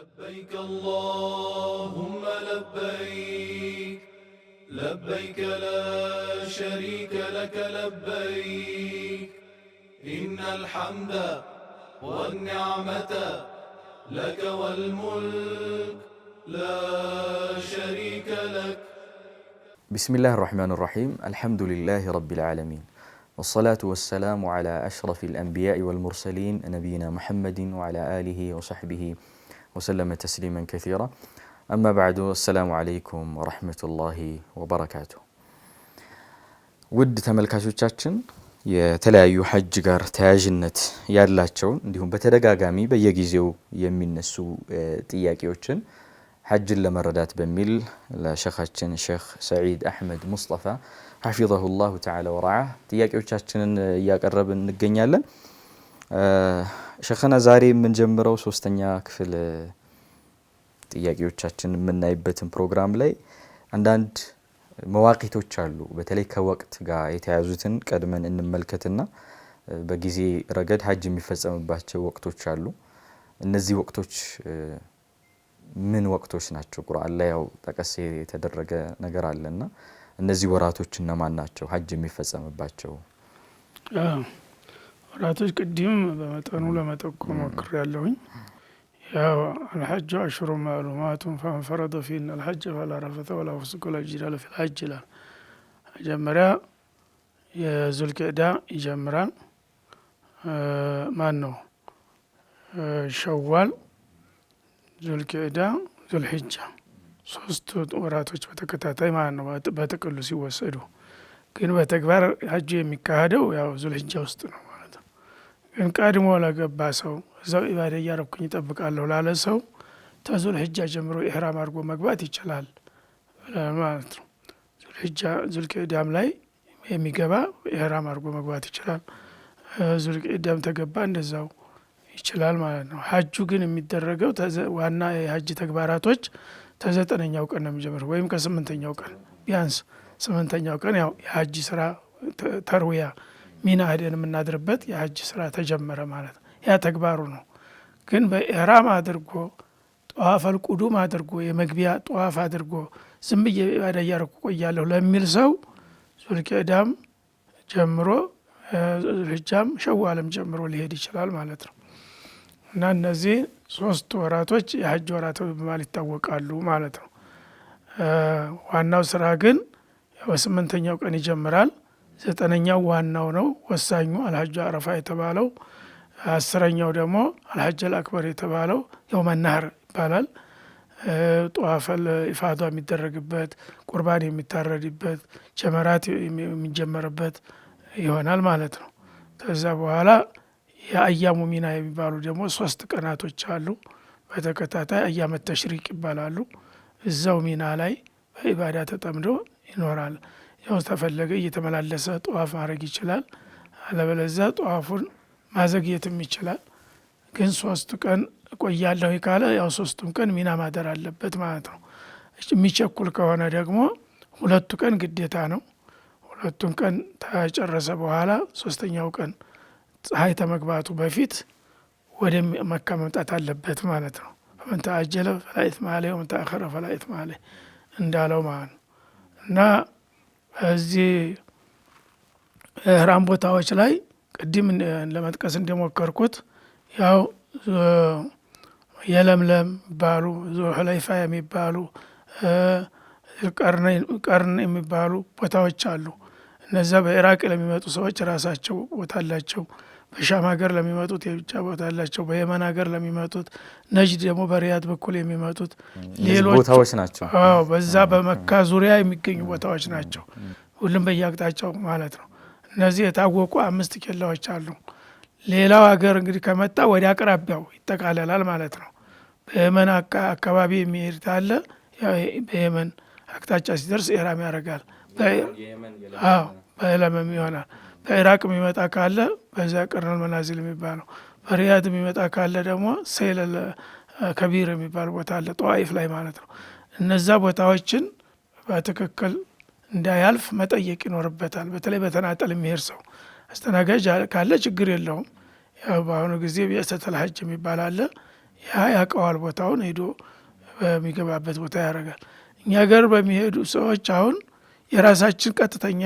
لبيك اللهم لبيك لبيك لا شريك لك لبيك إن الحمد والنعمة لك والملك لا شريك لك بسم الله الرحمن الرحيم الحمد لله رب العالمين والصلاة والسلام على أشرف الأنبياء والمرسلين نبينا محمد وعلى آله وصحبه وسلم ተስሊመን ከቲራ አማ بعد አሰላሙ ዓለይኩም ورحمة الله ውድ ተመልካቾቻችን የተለያዩ ሐጅ ጋር ተያያዥነት ያላቸውን እንዲሁም በተደጋጋሚ በየጊዜው የሚነሱ ጥያቄዎችን ሐጅን ለመረዳት በሚል ለሸኻችን ሼክ ሰዒድ አሕመድ ሙስጠፋ ሐፊዘሁ ላሁ ተዓላ ወረዓህ ጥያቄዎቻችንን እያቀረብን እንገኛለን። ሸኸና ዛሬ የምንጀምረው ሶስተኛ ክፍል ጥያቄዎቻችን የምናይበትን ፕሮግራም ላይ አንዳንድ መዋቂቶች አሉ። በተለይ ከወቅት ጋር የተያዙትን ቀድመን እንመልከትና በጊዜ ረገድ ሀጅ የሚፈጸምባቸው ወቅቶች አሉ። እነዚህ ወቅቶች ምን ወቅቶች ናቸው? ቁርአን ላይ ያው ጠቀስ የተደረገ ነገር አለና እነዚህ ወራቶች እነማን ናቸው? ሀጅ የሚፈጸምባቸው ወራቶች ቅድም በመጠኑ ለመጠቆም ሞክር ያለሁኝ ያው አልሐጁ አሽሩ ማዕሉማቱን ፈንፈረደ ፊን አልሐጅ ፈላ ረፈተ ወላ ፍስቅ ወላ ጅዳለ ፊል ሐጅ ይላል። መጀመሪያ የዙልቅዕዳ ይጀምራል። ማን ነው? ሸዋል፣ ዙልቅዕዳ፣ ዙልሕጃ ሶስቱ ወራቶች በተከታታይ ማለት ነው በጥቅሉ ሲወሰዱ። ግን በተግባር ሀጁ የሚካሄደው ያው ዙልሕጃ ውስጥ ነው። ግን ቀድሞ ለገባ ሰው እዛው ኢባዳ እያረኩኝ ይጠብቃለሁ ላለ ሰው ተዙል ህጃ ጀምሮ ኢህራም አድርጎ መግባት ይችላል ማለት ነው። ዙልህጃ ዙልቅዳም ላይ የሚገባ ኢህራም አድርጎ መግባት ይችላል። ዙልቅዳም ተገባ እንደዛው ይችላል ማለት ነው። ሀጁ ግን የሚደረገው ዋና የሀጅ ተግባራቶች ተዘጠነኛው ቀን ነው የሚጀምረው ወይም ከስምንተኛው ቀን ቢያንስ ስምንተኛው ቀን ያው የሀጅ ስራ ተርውያ። ሚና ሄደን የምናድርበት የሀጅ ስራ ተጀመረ ማለት ነው። ያ ተግባሩ ነው። ግን በኢህራም አድርጎ ጠዋፈል ቁዱም አድርጎ የመግቢያ ጠዋፍ አድርጎ ዝም ብዬ ባዳ እያረኩ ቆያለሁ ለሚል ሰው ዙልቂዕዳም ጀምሮ ዙልሂጃም ሸዋልም ጀምሮ ሊሄድ ይችላል ማለት ነው እና እነዚህ ሶስት ወራቶች የሀጅ ወራት በማል ይታወቃሉ ማለት ነው። ዋናው ስራ ግን በስምንተኛው ቀን ይጀምራል። ዘጠነኛው ዋናው ነው ወሳኙ አልሀጅ አረፋ የተባለው፣ አስረኛው ደግሞ አልሀጀል አክበር የተባለው የውመናህር ይባላል። ጠዋፈል ኢፋዷ የሚደረግበት፣ ቁርባን የሚታረድበት፣ ጀመራት የሚጀመርበት ይሆናል ማለት ነው። ከዛ በኋላ የአያሙ ሚና የሚባሉ ደግሞ ሶስት ቀናቶች አሉ። በተከታታይ አያመት ተሽሪቅ ይባላሉ። እዛው ሚና ላይ በኢባዳ ተጠምዶ ይኖራል። ያው ተፈለገ እየተመላለሰ ጠዋፍ ማድረግ ይችላል። አለበለዚያ ጠዋፉን ማዘግየትም ይችላል። ግን ሶስት ቀን እቆያለሁ ካለ ያው ሶስቱም ቀን ሚና ማደር አለበት ማለት ነው። የሚቸኩል ከሆነ ደግሞ ሁለቱ ቀን ግዴታ ነው። ሁለቱም ቀን ተጨረሰ በኋላ ሶስተኛው ቀን ፀሐይ ተመግባቱ በፊት ወደ መካ መምጣት አለበት ማለት ነው። ፈመን ተአጀለ ፈላኢት ማለ ወመን ተአኸረ ፈላኢት ማለ እንዳለው ማለት ነው እና እዚህ ኢህራም ቦታዎች ላይ ቅድም ለመጥቀስ እንደሞከርኩት ያው የለምለም የሚባሉ ዙልሑለይፋ የሚባሉ ቀርን የሚባሉ ቦታዎች አሉ። እነዛ በኢራቅ ለሚመጡ ሰዎች ራሳቸው ቦታ አላቸው። በሻም ሀገር ለሚመጡት የብቻ ቦታ አላቸው። በየመን ሀገር ለሚመጡት ነጅድ ደግሞ በሪያድ በኩል የሚመጡት ሌሎች ቦታዎች ናቸው። አዎ በዛ በመካ ዙሪያ የሚገኙ ቦታዎች ናቸው። ሁሉም በየአቅጣጫው ማለት ነው። እነዚህ የታወቁ አምስት ኬላዎች አሉ። ሌላው ሀገር እንግዲህ ከመጣ ወደ አቅራቢያው ይጠቃለላል ማለት ነው። በየመን አካባቢ የሚሄድ ታለ በየመን አቅጣጫ ሲደርስ ኢህራም ያደርጋል። በለመም ይሆናል በኢራቅ የሚመጣ ካለ በዚያ ቅርነል መናዚል የሚባለው በሪያድ የሚመጣ ካለ ደግሞ ሰይለል ከቢር የሚባል ቦታ አለ ጠዋይፍ ላይ ማለት ነው። እነዛ ቦታዎችን በትክክል እንዳያልፍ መጠየቅ ይኖርበታል። በተለይ በተናጠል የሚሄድ ሰው አስተናጋጅ ካለ ችግር የለውም። ያው በአሁኑ ጊዜ ቢዕሰተል ሀጅ የሚባል አለ። ያ ያቀዋል ቦታውን ሄዶ በሚገባበት ቦታ ያደርጋል። እኛ ገር በሚሄዱ ሰዎች አሁን የራሳችን ቀጥተኛ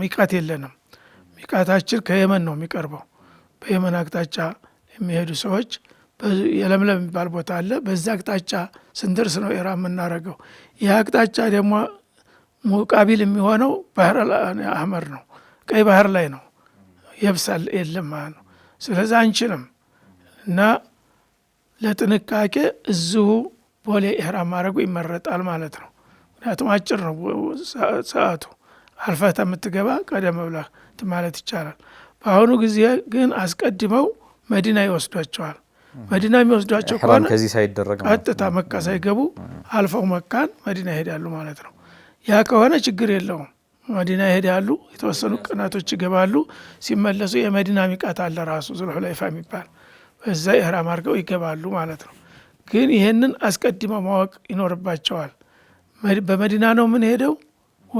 ሚቃት የለንም። ሚቃታችን ከየመን ነው የሚቀርበው። በየመን አቅጣጫ የሚሄዱ ሰዎች የለምለም የሚባል ቦታ አለ። በዛ አቅጣጫ ስንደርስ ነው ራ የምናደርገው። ይህ አቅጣጫ ደግሞ ሙቃቢል የሚሆነው ባህር አህመር ነው፣ ቀይ ባህር ላይ ነው። የብሳል የለም ማለት ነው። ስለዚ አንችልም እና ለጥንቃቄ እዚሁ ቦሌ ኢህራም ማድረጉ ይመረጣል ማለት ነው። ምክንያቱም አጭር ነው ሰዓቱ አልፈታ የምትገባ ቀደም ብላ ሁለት ማለት ይቻላል። በአሁኑ ጊዜ ግን አስቀድመው መዲና ይወስዷቸዋል። መዲና የሚወስዷቸው ከሆነ ቀጥታ መካ ሳይገቡ አልፈው መካን መዲና ይሄዳሉ ማለት ነው። ያ ከሆነ ችግር የለውም። መዲና ይሄዳሉ፣ የተወሰኑ ቀናቶች ይገባሉ። ሲመለሱ የመዲና ሚቃት አለ ራሱ ዙልሑለይፋ የሚባል በዛ ኢህራም አድርገው ይገባሉ ማለት ነው። ግን ይህንን አስቀድመው ማወቅ ይኖርባቸዋል። በመዲና ነው የምንሄደው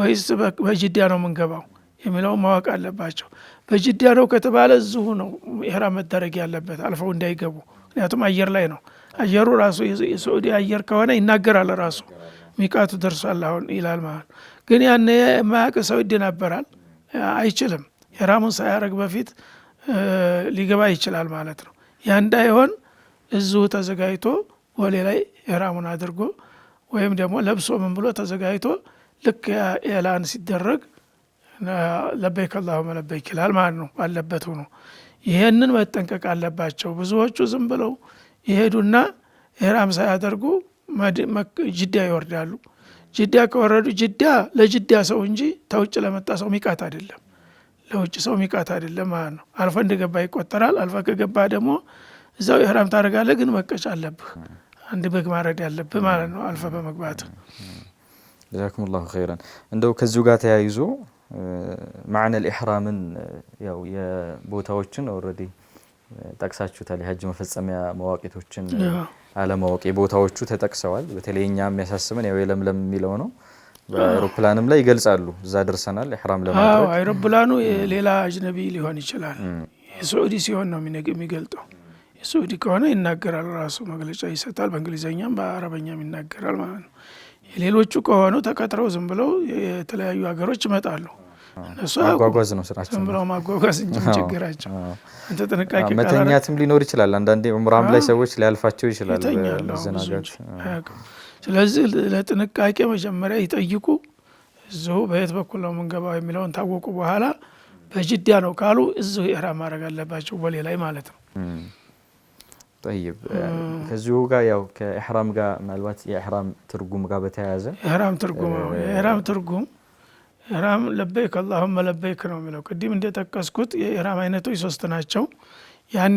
ወይስ በጅዳ ነው የምንገባው? የሚለው ማወቅ አለባቸው። በጅዳ ነው ከተባለ እዚሁ ነው ኢህራም መደረግ ያለበት አልፈው እንዳይገቡ። ምክንያቱም አየር ላይ ነው። አየሩ ራሱ የሰዑዲ አየር ከሆነ ይናገራል ራሱ ሚቃቱ ደርሷል አሁን ይላል ማለት ነው። ግን ያኔ የማያውቅ ሰው ይደናበራል፣ አይችልም። ኢህራሙን ሳያረግ በፊት ሊገባ ይችላል ማለት ነው። ያ እንዳይሆን እዚሁ ተዘጋጅቶ ወሌ ላይ ኢህራሙን አድርጎ ወይም ደግሞ ለብሶ ምን ብሎ ተዘጋጅቶ ልክ ኤላን ሲደረግ ለበይክ አላሁመ ለበይክ ይላል ማለት ነው። ባለበት ሆኖ ይሄንን መጠንቀቅ አለባቸው። ብዙዎቹ ዝም ብለው ይሄዱና ኢህራም ሳያደርጉ ጅዳ ይወርዳሉ። ጅዳ ከወረዱ ጅዳ ለጅዳ ሰው እንጂ ተውጭ ለመጣ ሰው ሚቃት አይደለም፣ ለውጭ ሰው ሚቃት አይደለም ማለት ነው። አልፈ እንደገባ ይቆጠራል። አልፈ ከገባ ደግሞ እዛው ኢህራም ታደርጋለህ፣ ግን መቀጭ አለብህ። አንድ በግ ማረድ ያለብህ ማለት ነው። አልፈ በመግባት ጀዛኩም ላሁ ኸይረን። እንደው ከዚሁ ጋር ተያይዞ ማዕነል ኢሕራምን ያው የቦታዎችን ኦልሬዲ ጠቅሳችሁታል። የሀጅ መፈጸሚያ መዋቂቶችን አለማወቅ የቦታዎቹ ተጠቅሰዋል። በተለይ እኛ የሚያሳስበን ያው የለምለም የሚለው ነው። በአይሮፕላንም ላይ ይገልጻሉ። እዛ ደርሰናል ኢሕራም ለማድረግ አይሮፕላኑ ሌላ አጅነቢ ሊሆን ይችላል። የስዑዲ ሲሆን ነው የሚገልጠው። የስዑዲ ከሆነ ይናገራል፣ ራሱ መግለጫ ይሰጣል። በእንግሊዝኛም በአረበኛም ይናገራል ማለት ነው። የሌሎቹ ከሆኑ ተቀጥረው ዝም ብለው የተለያዩ ሀገሮች ይመጣሉ። እነሱ ማጓጓዝ ነው ስራቸው፣ ዝም ብለው ማጓጓዝ እንጂ ችግራቸው እንትን ጥንቃቄ መተኛትም ሊኖር ይችላል። አንዳንዴ ምራም ላይ ሰዎች ሊያልፋቸው ይችላል ስለዚህ ለጥንቃቄ መጀመሪያ ይጠይቁ። እዚሁ በየት በኩል ነው የምንገባው የሚለውን ታወቁ በኋላ በጅዳ ነው ካሉ እዚሁ ኢህራም ማድረግ አለባቸው፣ ቦሌ ላይ ማለት ነው። ጠይብ ከዚሁ ጋር ያው ከኢሕራም ጋር ምናልባት የኢሕራም ትርጉም ጋር በተያያዘ ኢሕራም ትርጉም ነው። ትርጉም ኢሕራም ለበይክ አላሁመ ለበይክ ነው የሚለው። ቅድም እንደጠቀስኩት የኢሕራም አይነቶች ሶስት ናቸው። ያን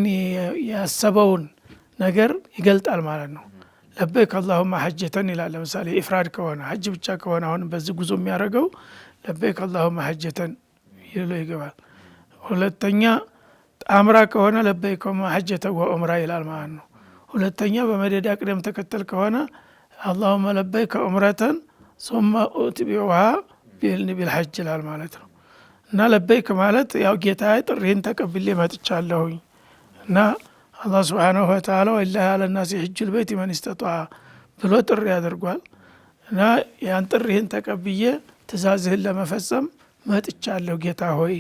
ያሰበውን ነገር ይገልጣል ማለት ነው። ለበይክ አላሁማ ሐጀተን ይላል። ለምሳሌ ኢፍራድ ከሆነ ሐጅ ብቻ ከሆነ አሁን በዚህ ጉዞ የሚያደርገው ለበይክ አላሁማ ሐጀተን ይሎ ይገባል። ሁለተኛ ጣምራ ከሆነ ለበይከማ ሐጀተ ወዑምራ ይላል ማለት ነው። ሁለተኛ በመደዳ ቅደም ተከተል ከሆነ አላሁመ ለበይከ ዑምረተን ሱመ ኡትቢዑሃ ቢልሐጅ ይላል ማለት ነው። እና ለበይክ ማለት ያው ጌታ ጥሪህን ተቀብሌ መጥቻለሁኝ እና አላህ ስብሓነሁ ወተዓላ ወሊላሂ ዐለናሲ ሐጁል በይት መን ኢስተጣዐ ብሎ ጥሪ አድርጓል። እና ያን ጥሪህን ተቀብዬ ትእዛዝህን ለመፈጸም መጥቻለሁ ጌታ ሆይ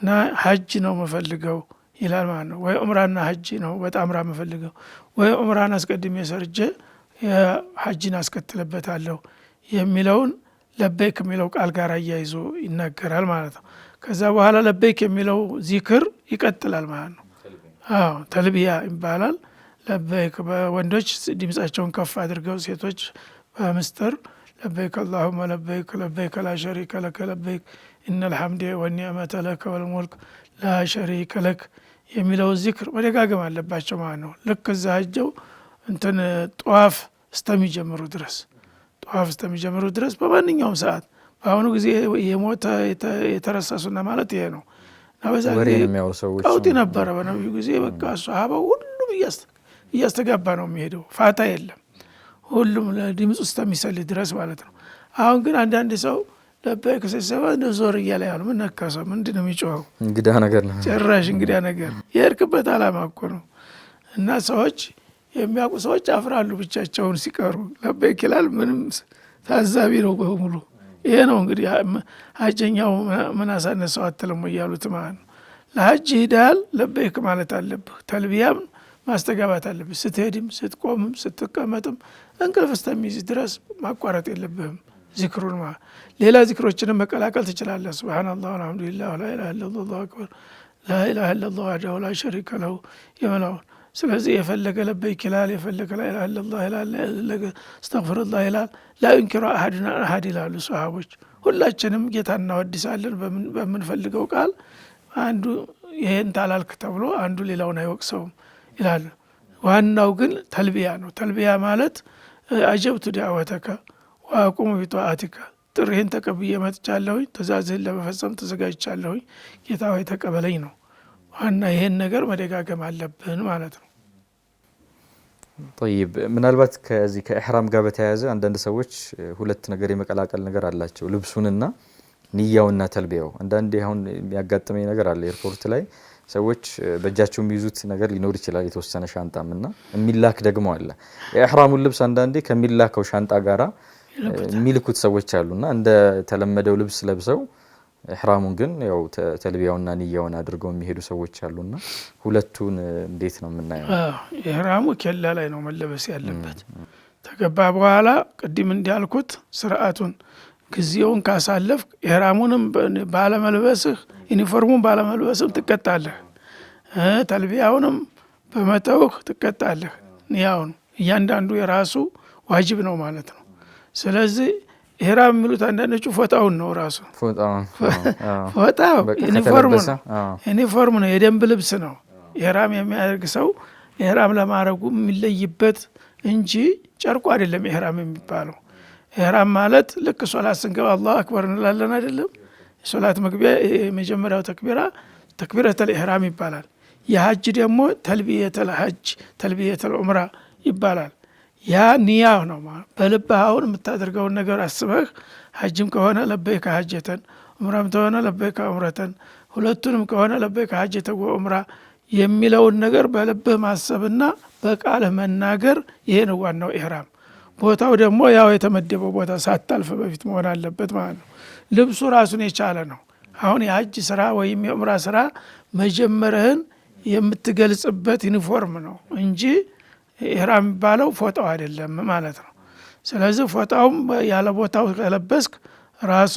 እና ሀጅ ነው የምፈልገው ይላል ማለት ነው። ወይ ዑምራና ሀጅ ነው በጣምራ የምፈልገው ወይ ዑምራን አስቀድሜ ሰርጄ ሀጅን አስከትልበታለሁ የሚለውን ለበይክ የሚለው ቃል ጋር አያይዞ ይናገራል ማለት ነው። ከዛ በኋላ ለበይክ የሚለው ዚክር ይቀጥላል ማለት ነው። አዎ ተልቢያ ይባላል። ለበይክ ወንዶች ድምፃቸውን ከፍ አድርገው፣ ሴቶች በምስጢር ለበይክ አላሁመ ለበይክ ለበይክ ላ ሸሪከ ለከ ለበይክ ኢነ ልሐምዴ ወኒዕመተ ለከ ወልሙልክ ላ ሸሪከ ለክ የሚለው ዚክር መደጋገም አለባቸው ማለት ነው። ልክ እዛ ሂጀው እንትን ጠዋፍ እስተሚጀምሩ ድረስ ጠዋፍ እስተሚጀምሩ ድረስ በማንኛውም ሰዓት በአሁኑ ጊዜ የሞተ የተረሳ ሱና ማለት ይሄ ነው እና በዛ ቀውጢ ነበረ በነቢዩ ጊዜ በቃ ሰሃባው ሁሉም እያስተጋባ ነው የሚሄደው፣ ፋታ የለም። ሁሉም ለድምፁ እስተሚሰል ድረስ ማለት ነው። አሁን ግን አንዳንድ ሰው ለበይክ ሲሰባ እንደ ዞር እያለ ያሉ ምን ነካሰ ነው የሚጮኸው? እንግዳ ነገር ነው ጭራሽ እንግዳ ነገር። የሄድክበት አላማ እኮ ነው። እና ሰዎች የሚያውቁ ሰዎች አፍራሉ ብቻቸውን ሲቀሩ። ለበይክ ይላል ምንም ታዛቢ ነው በሙሉ። ይሄ ነው እንግዲህ ሀጀኛው ምን አሳነሰው አትለሙ እያሉት ማለት ነው። ለሀጅ ሂዳል ለበይክ ማለት አለብህ። ተልቢያም ማስተጋባት አለብህ። ስትሄድም፣ ስትቆምም፣ ስትቀመጥም እንቅልፍ እስተሚይዝ ድረስ ማቋረጥ የለብህም። ዚክሩን ማለት ሌላ ዚክሮችንም መቀላቀል ትችላለ ትችላለህ። አልሐምዱሊላ ላ ላ ለ ላ አክበር ለ ላ ወሕደሁ ላ ሸሪከ ለሁ የመላውን ስለዚህ የፈለገ ለበይክ ይላል፣ የፈለገ ላኢላሃ ኢለላህ ይላል፣ የፈለገ እስተግፊሩላህ ይላል። ላ ዩንኪሩ አሀድና አሀድ ይላሉ ሰሃቦች። ሁላችንም ጌታ እናወድሳለን በምንፈልገው ቃል አንዱ ይሄን ታላልክ ተብሎ አንዱ ሌላውን አይወቅሰውም ይላሉ። ዋናው ግን ተልቢያ ነው። ተልቢያ ማለት አጀብቱ ዳዕወተከ ዋቁሙ ቢጠዓቲከ ጥሪህን ተቀብዬ መጥቻለሁኝ፣ ትእዛዝህን ለመፈጸም ተዘጋጅቻለሁኝ፣ ጌታ ሆይ ተቀበለኝ ነው። ዋና ይህን ነገር መደጋገም አለብን ማለት ነው። ይብ ምናልባት ከዚህ ከኢሕራም ጋር በተያያዘ አንዳንድ ሰዎች ሁለት ነገር የመቀላቀል ነገር አላቸው፣ ልብሱንና ንያውና ተልቢያው። አንዳንድ አሁን የሚያጋጥመኝ ነገር አለ ኤርፖርት ላይ ሰዎች በእጃቸው የሚይዙት ነገር ሊኖር ይችላል፣ የተወሰነ ሻንጣም ና የሚላክ ደግሞ አለ። የኢሕራሙን ልብስ አንዳንዴ ከሚላከው ሻንጣ ጋራ የሚልኩት ሰዎች አሉና እንደ ተለመደው ልብስ ለብሰው ኢሕራሙን ግን ያው ተልቢያውና ንያውን አድርገው የሚሄዱ ሰዎች አሉና ሁለቱን እንዴት ነው የምናየው? ኢሕራሙ ኬላ ላይ ነው መለበስ ያለበት። ተገባ በኋላ ቅድም እንዲያልኩት ስርዓቱን ጊዜውን ካሳለፍ ኢሕራሙንም ባለመልበስህ ዩኒፎርሙን ባለመልበስም ትቀጣለህ። ተልቢያውንም በመተውህ ትቀጣለህ። ንያውን እያንዳንዱ የራሱ ዋጅብ ነው ማለት ነው። ስለዚህ ኢህራም የሚሉት አንዳንዶቹ ፎጣውን ነው ራሱ ፎጣው ዩኒፎርም ነው ዩኒፎርም ነው የደንብ ልብስ ነው። ኢህራም የሚያደርግ ሰው ኢህራም ለማድረጉ የሚለይበት እንጂ ጨርቁ አይደለም ኢህራም የሚባለው። ኢህራም ማለት ልክ ሶላት ስንገባ አላሁ አክበር እንላለን አይደለም? ሶላት መግቢያ የመጀመሪያው ተክቢራ ተክቢረተል ኢህራም ይባላል። የሀጅ ደግሞ ተልቢየተል ሀጅ ተልቢየተል ዑምራ ይባላል። ያ ኒያህ ነው። በልብህ አሁን የምታደርገውን ነገር አስበህ ሀጅም ከሆነ ለበይከ ሀጀተን፣ ኡምራም ከሆነ ለበይከ ኡምረተን፣ ሁለቱንም ከሆነ ለበይከ ሀጀተን ወኡምራ የሚለውን ነገር በልብህ ማሰብና በቃልህ መናገር ይሄ ዋናው ኢህራም። ቦታው ደግሞ ያው የተመደበው ቦታ ሳታልፍ በፊት መሆን አለበት ማለት ነው። ልብሱ ራሱን የቻለ ነው። አሁን የሀጅ ስራ ወይም የኡምራ ስራ መጀመርህን የምትገልጽበት ዩኒፎርም ነው እንጂ ኢህራም የሚባለው ፎጣው አይደለም ማለት ነው። ስለዚህ ፎጣውም ያለ ቦታው ከለበስክ ራሱ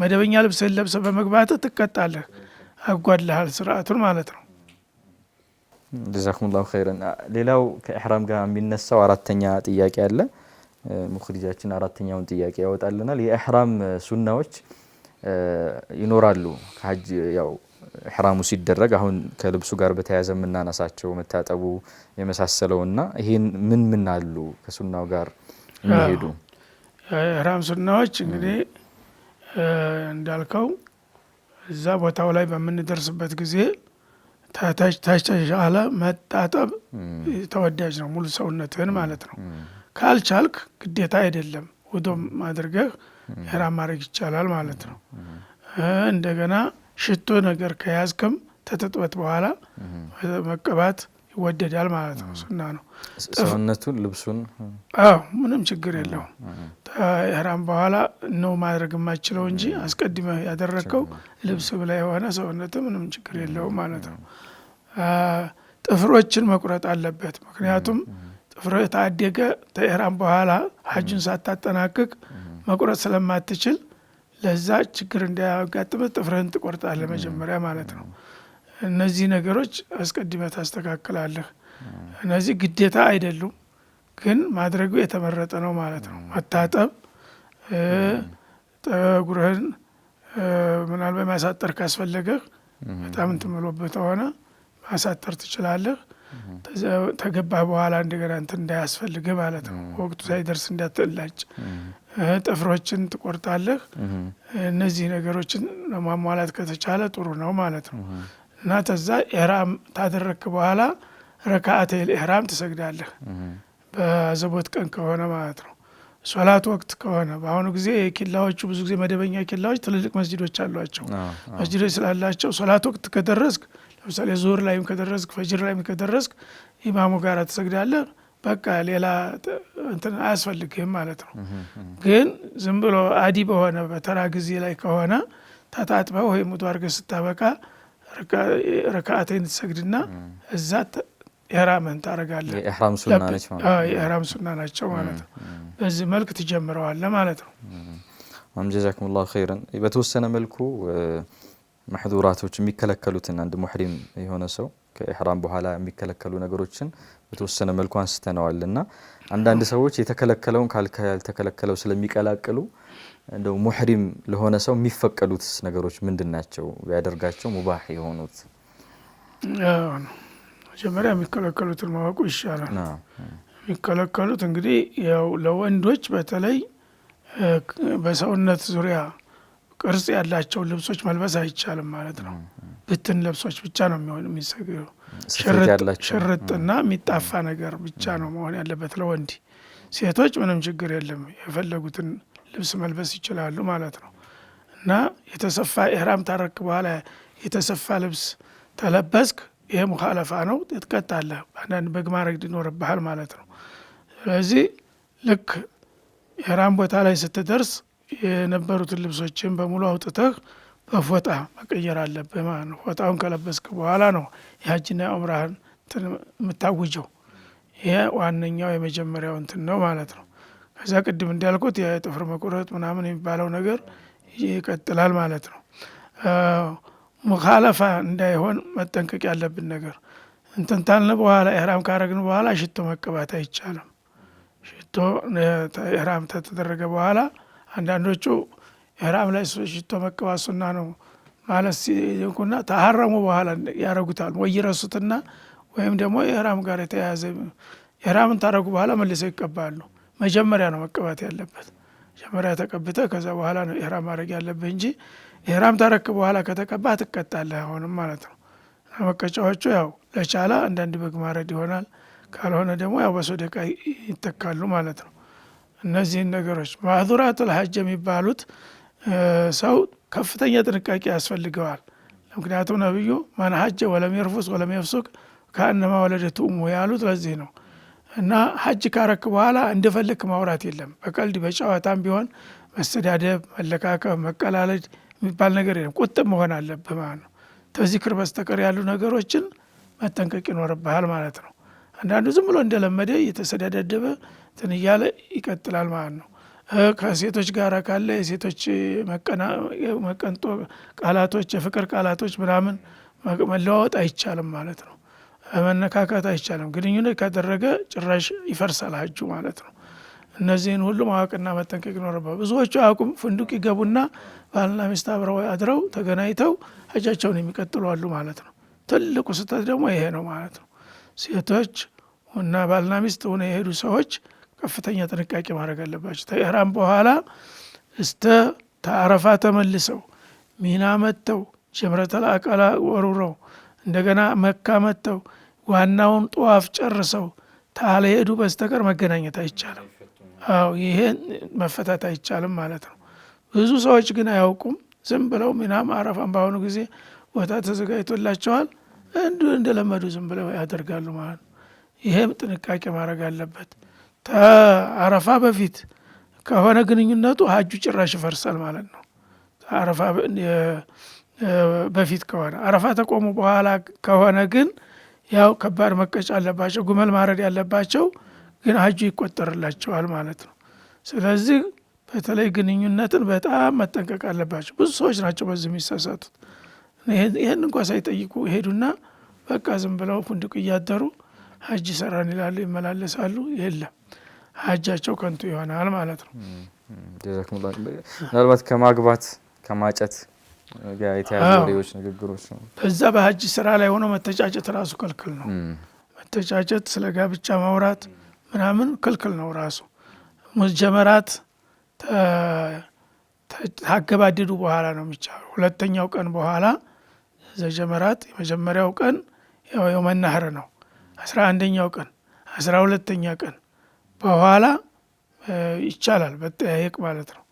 መደበኛ ልብስ ለብሰ በመግባት ትቀጣለህ፣ አጓድልሃል ስርዓቱን ማለት ነው። ጀዛኩሙላሁ ኸይረን። ሌላው ከኢሕራም ጋር የሚነሳው አራተኛ ጥያቄ አለ። ሙክሪጃችን አራተኛውን ጥያቄ ያወጣልናል። የኢሕራም ሱናዎች ይኖራሉ ያው ሕራሙ ሲደረግ አሁን ከልብሱ ጋር በተያያዘ የምናነሳቸው መታጠቡ የመሳሰለውና ይህን ምን ምን አሉ ከሱናው ጋር የሚሄዱ ሕራም ሱናዎች እንግዲህ እንዳልከው እዛ ቦታው ላይ በምንደርስበት ጊዜ ታች ተሻለ መጣጠብ ተወዳጅ ነው። ሙሉ ሰውነትህን ማለት ነው። ካልቻልክ ግዴታ አይደለም ውዶም አድርገህ ሕራም ማድረግ ይቻላል ማለት ነው። እንደገና ሽቶ ነገር ከያዝክም ተተጥበት በኋላ መቀባት ይወደዳል ማለት ነው። ሱና ነው። ሰውነቱን ልብሱን፣ አዎ ምንም ችግር የለውም። ኢህራም በኋላ ነው ማድረግ የማችለው እንጂ አስቀድመ ያደረግከው ልብስ ብላ የሆነ ሰውነት ምንም ችግር የለውም ማለት ነው። ጥፍሮችን መቁረጥ አለበት። ምክንያቱም ጥፍሮ የታደገ ከኢህራም በኋላ ሀጁን ሳታጠናቅቅ መቁረጥ ስለማትችል ለዛ ችግር እንዳያጋጥመ ጥፍርህን ጥቆርጣ መጀመሪያ ማለት ነው። እነዚህ ነገሮች አስቀድመ ታስተካክላለህ። እነዚህ ግዴታ አይደሉም፣ ግን ማድረጉ የተመረጠ ነው ማለት ነው። መታጠብ፣ ጠጉርህን ምናልባት ማሳጠር ካስፈለገህ በጣም እንትምሎበት ሆነ ማሳጠር ትችላለህ። ተገባህ በኋላ እንደገና እንትን እንዳያስፈልግህ ማለት ነው። ወቅቱ ሳይደርስ እንዳትላጭ ጥፍሮችን ትቆርጣለህ። እነዚህ ነገሮችን ለማሟላት ከተቻለ ጥሩ ነው ማለት ነው። እና ተዛ ኢሕራም ታደረክ በኋላ ረካአተል ኢሕራም ትሰግዳለህ በዘቦት ቀን ከሆነ ማለት ነው። ሶላት ወቅት ከሆነ በአሁኑ ጊዜ ኪላዎቹ ብዙ ጊዜ መደበኛ ኪላዎች ትልልቅ መስጅዶች አሏቸው። መስጅዶች ስላላቸው ሶላት ወቅት ከደረስክ ለምሳሌ ዙር ላይም ከደረስክ፣ ፈጅር ላይም ከደረስክ ኢማሙ ጋር ትሰግዳለህ። በቃ ሌላ እንትን አያስፈልግህም ማለት ነው። ግን ዝም ብሎ አዲ በሆነ በተራ ጊዜ ላይ ከሆነ ተታጥበ ወይ ሙቶ አርገ ስታበቃ ረካአተኝ ትሰግድና እዛ ኢሕራምህን ታደርጋለህ። ሱና ናቸው ማለት ነው። በዚህ መልክ ትጀምረዋለ ማለት ነው። ጀዛኩም ላሁ ኸይረን። በተወሰነ መልኩ መሕዱራቶች የሚከለከሉትን አንድ ሙሕሪም የሆነ ሰው ከኢሕራም በኋላ የሚከለከሉ ነገሮችን በተወሰነ መልኩ አንስተነዋል እና አንዳንድ ሰዎች የተከለከለውን ካልተከለከለው ስለሚቀላቅሉ እንደው ሙሕሪም ለሆነ ሰው የሚፈቀዱት ነገሮች ምንድን ናቸው? ቢያደርጋቸው ሙባህ የሆኑት መጀመሪያ የሚከለከሉትን ማወቁ ይሻላል። የሚከለከሉት እንግዲህ ያው ለወንዶች በተለይ በሰውነት ዙሪያ ቅርጽ ያላቸውን ልብሶች መልበስ አይቻልም ማለት ነው። ብትን ለብሶች ብቻ ነው የሚሆን የሚሰግዱ ሽርጥና የሚጣፋ ነገር ብቻ ነው መሆን ያለበት ለወንድ። ሴቶች ምንም ችግር የለም የፈለጉትን ልብስ መልበስ ይችላሉ ማለት ነው። እና የተሰፋ ኢህራም ታረክ በኋላ የተሰፋ ልብስ ተለበስክ፣ ይሄ ሙካለፋ ነው፣ ትቀጣለህ። አንዳንድ በግ ማድረግ ይኖርብሃል ማለት ነው። ስለዚህ ልክ ኢህራም ቦታ ላይ ስትደርስ የነበሩትን ልብሶችን በሙሉ አውጥተህ በፎጣ መቀየር አለብህ ማለት ነው። ፎጣውን ከለበስክ በኋላ ነው የሀጅና የዑምራህን የምታውጀው። ይሄ ዋነኛው የመጀመሪያው እንትን ነው ማለት ነው። ከዛ ቅድም እንዳልኩት የጥፍር መቁረጥ ምናምን የሚባለው ነገር ይቀጥላል ማለት ነው። ሙካለፋ እንዳይሆን መጠንቀቅ ያለብን ነገር እንትን ታልን በኋላ ኢህራም ካረግን በኋላ ሽቶ መቀባት አይቻልም። ሽቶ ኢህራም ተተደረገ በኋላ አንዳንዶቹ ኢሕራም ላይ ሽቶ መቀባት ሱና ነው ማለት ሲኩና ተሀረሙ በኋላ ያረጉታል ወይ ይረሱትና ወይም ደግሞ ኢሕራም ጋር የተያያዘ ኢሕራምን ታረጉ በኋላ መልሰው ይቀባሉ። መጀመሪያ ነው መቀባት ያለበት። መጀመሪያ ተቀብተ ከዛ በኋላ ነው ኢሕራም ማድረግ ያለብህ እንጂ ኢሕራም ታረክ በኋላ ከተቀባ ትቀጣለህ አሁንም ማለት ነው። መቀጫዎቹ ያው ለቻለ አንዳንድ በግ ማረድ ይሆናል። ካልሆነ ደግሞ ያው በሶደቃ ይተካሉ ማለት ነው። እነዚህን ነገሮች ማዕዙራት አልሐጅ የሚባሉት ሰው ከፍተኛ ጥንቃቄ ያስፈልገዋል። ምክንያቱም ነቢዩ መንሀጀ ወለም የርፉስ ወለም የፍሱቅ ከእነማ ወለደቱ ሙ ያሉት ለዚህ ነው። እና ሀጅ ካረክ በኋላ እንደፈለክ ማውራት የለም። በቀልድ በጨዋታም ቢሆን መስተዳደብ መለካከብ፣ መቀላለድ የሚባል ነገር የለም። ቁጥብ መሆን አለብህ ማለት ነው። ተዚክር በስተቀር ያሉ ነገሮችን መጠንቀቅ ይኖርብሃል ማለት ነው። አንዳንዱ ዝም ብሎ እንደለመደ እየተሰዳደደበ ትን እያለ ይቀጥላል ማለት ነው። ከሴቶች ጋር ካለ የሴቶች መቀንጦ ቃላቶች፣ የፍቅር ቃላቶች ምናምን መለዋወጥ አይቻልም ማለት ነው። መነካካት አይቻልም። ግንኙነት ካደረገ ጭራሽ ይፈርሳል ሀጁ ማለት ነው። እነዚህን ሁሉ ማወቅና መጠንቀቅ ይኖርባል። ብዙዎቹ አቁም ፍንዱቅ ይገቡና ባልና ሚስት አብረው አድረው ተገናኝተው ሀጃቸውን የሚቀጥሉ አሉ ማለት ነው። ትልቁ ስህተት ደግሞ ይሄ ነው ማለት ነው። ሴቶች እና ባልና ሚስት ሆነ የሄዱ ሰዎች ከፍተኛ ጥንቃቄ ማድረግ አለባቸው። ተኢህራም በኋላ እስተ አረፋ ተመልሰው ሚና መጥተው ጀምረተል አቀላ ወሩረው እንደገና መካ መጥተው ዋናውን ጠዋፍ ጨርሰው ታለሄዱ በስተቀር መገናኘት አይቻልም። አዎ ይሄን መፈታት አይቻልም ማለት ነው። ብዙ ሰዎች ግን አያውቁም። ዝም ብለው ሚናም አረፋን በአሁኑ ጊዜ ቦታ ተዘጋጅቶላቸዋል። እንዱ እንደለመዱ ዝም ብለው ያደርጋሉ ማለት ነው። ይሄም ጥንቃቄ ማድረግ አለበት። ተአረፋ በፊት ከሆነ ግንኙነቱ ሀጁ ጭራሽ ይፈርሳል ማለት ነው። አረፋ በፊት ከሆነ አረፋ ተቆሙ በኋላ ከሆነ ግን ያው ከባድ መቀጫ አለባቸው፣ ጉመል ማረድ ያለባቸው ግን ሀጁ ይቆጠርላቸዋል ማለት ነው። ስለዚህ በተለይ ግንኙነትን በጣም መጠንቀቅ አለባቸው። ብዙ ሰዎች ናቸው በዚህ የሚሳሳቱት። ይህን እንኳ ሳይጠይቁ ይሄዱና በቃ ዝም ብለው ፉንድቅ እያደሩ ሀጅ ይሰራን ይላሉ፣ ይመላለሳሉ። የለም ሀጃቸው ከንቱ ይሆናል ማለት ነው። ምናልባት ከማግባት ከማጨት የተያዙዎች ንግግሮች ነው። በዛ በሀጅ ስራ ላይ ሆኖ መተጫጨት ራሱ ክልክል ነው። መተጫጨት፣ ስለ ጋብቻ ማውራት ምናምን ክልክል ነው ራሱ ሙጀመራት ታገባደዱ በኋላ ነው የሚቻሉ። ሁለተኛው ቀን በኋላ ዘጀመራት የመጀመሪያው ቀን የመናህር ነው። አስራ አንደኛው ቀን አስራ ሁለተኛ ቀን በኋላ ይቻላል በጠያየቅ ማለት ነው።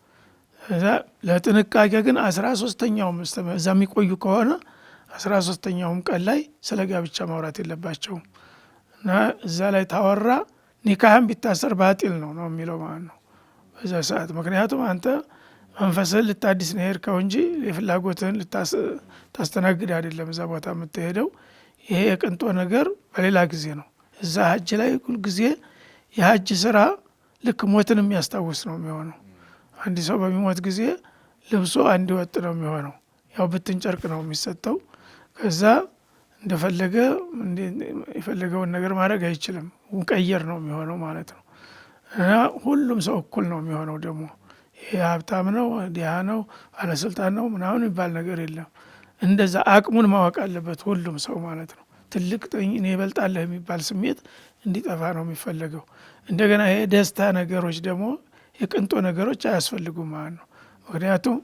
እዛ ለጥንቃቄ ግን አስራ ሶስተኛውም እዛ የሚቆዩ ከሆነ አስራ ሶስተኛውም ቀን ላይ ስለ ጋብቻ ማውራት የለባቸውም እና እዛ ላይ ታወራ ኒካህን ቢታሰር ባጢል ነው ነው የሚለው ማለት ነው በዛ ሰዓት። ምክንያቱም አንተ መንፈስህን ልታዲስ ነው የሄድከው እንጂ የፍላጎትህን ልታስተናግድ አይደለም እዛ ቦታ የምትሄደው። ይሄ የቅንጦ ነገር በሌላ ጊዜ ነው። እዛ ሀጅ ላይ ሁልጊዜ የሀጅ ስራ ልክ ሞትን የሚያስታውስ ነው የሚሆነው። አንድ ሰው በሚሞት ጊዜ ልብሶ አንድ ወጥ ነው የሚሆነው። ያው ብትን ጨርቅ ነው የሚሰጠው። ከዛ እንደፈለገ የፈለገውን ነገር ማድረግ አይችልም። ቀየር ነው የሚሆነው ማለት ነው። እና ሁሉም ሰው እኩል ነው የሚሆነው ደግሞ ይሄ ሀብታም ነው ዲሃ ነው ባለስልጣን ነው ምናምን የሚባል ነገር የለም። እንደዛ አቅሙን ማወቅ አለበት ሁሉም ሰው ማለት ነው። ትልቅ እኔ እበልጣለሁ የሚባል ስሜት እንዲጠፋ ነው የሚፈለገው። እንደገና ይሄ ደስታ ነገሮች ደግሞ የቅንጦ ነገሮች አያስፈልጉም ማለት ነው። ምክንያቱም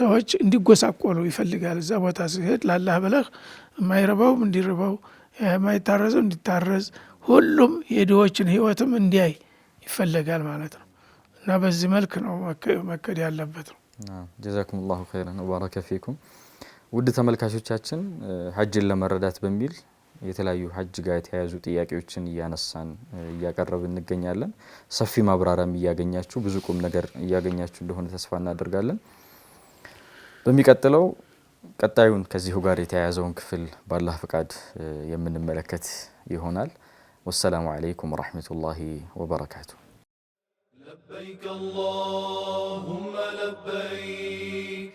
ሰዎች እንዲጎሳቆሉ ይፈልጋል። እዛ ቦታ ሲሄድ ላላህ ብለህ የማይረባውም እንዲርበው፣ የማይታረዘው እንዲታረዝ፣ ሁሉም የድሆችን ህይወትም እንዲያይ ይፈለጋል ማለት ነው። እና በዚህ መልክ ነው መከድ ያለበት ነው። ጀዛኩም ላሁ ኸይረን ወባረከ ፊኩም ውድ ተመልካቾቻችን ሀጅን ለመረዳት በሚል የተለያዩ ሀጅ ጋር የተያያዙ ጥያቄዎችን እያነሳን እያቀረብ እንገኛለን። ሰፊ ማብራሪያም እያገኛችሁ ብዙ ቁም ነገር እያገኛችሁ እንደሆነ ተስፋ እናደርጋለን። በሚቀጥለው ቀጣዩን ከዚሁ ጋር የተያያዘውን ክፍል ባላህ ፈቃድ የምንመለከት ይሆናል። ወሰላሙ አለይኩም ወረሕመቱላሂ ወበረካቱ። ለበይክ አላሁመ ለበይክ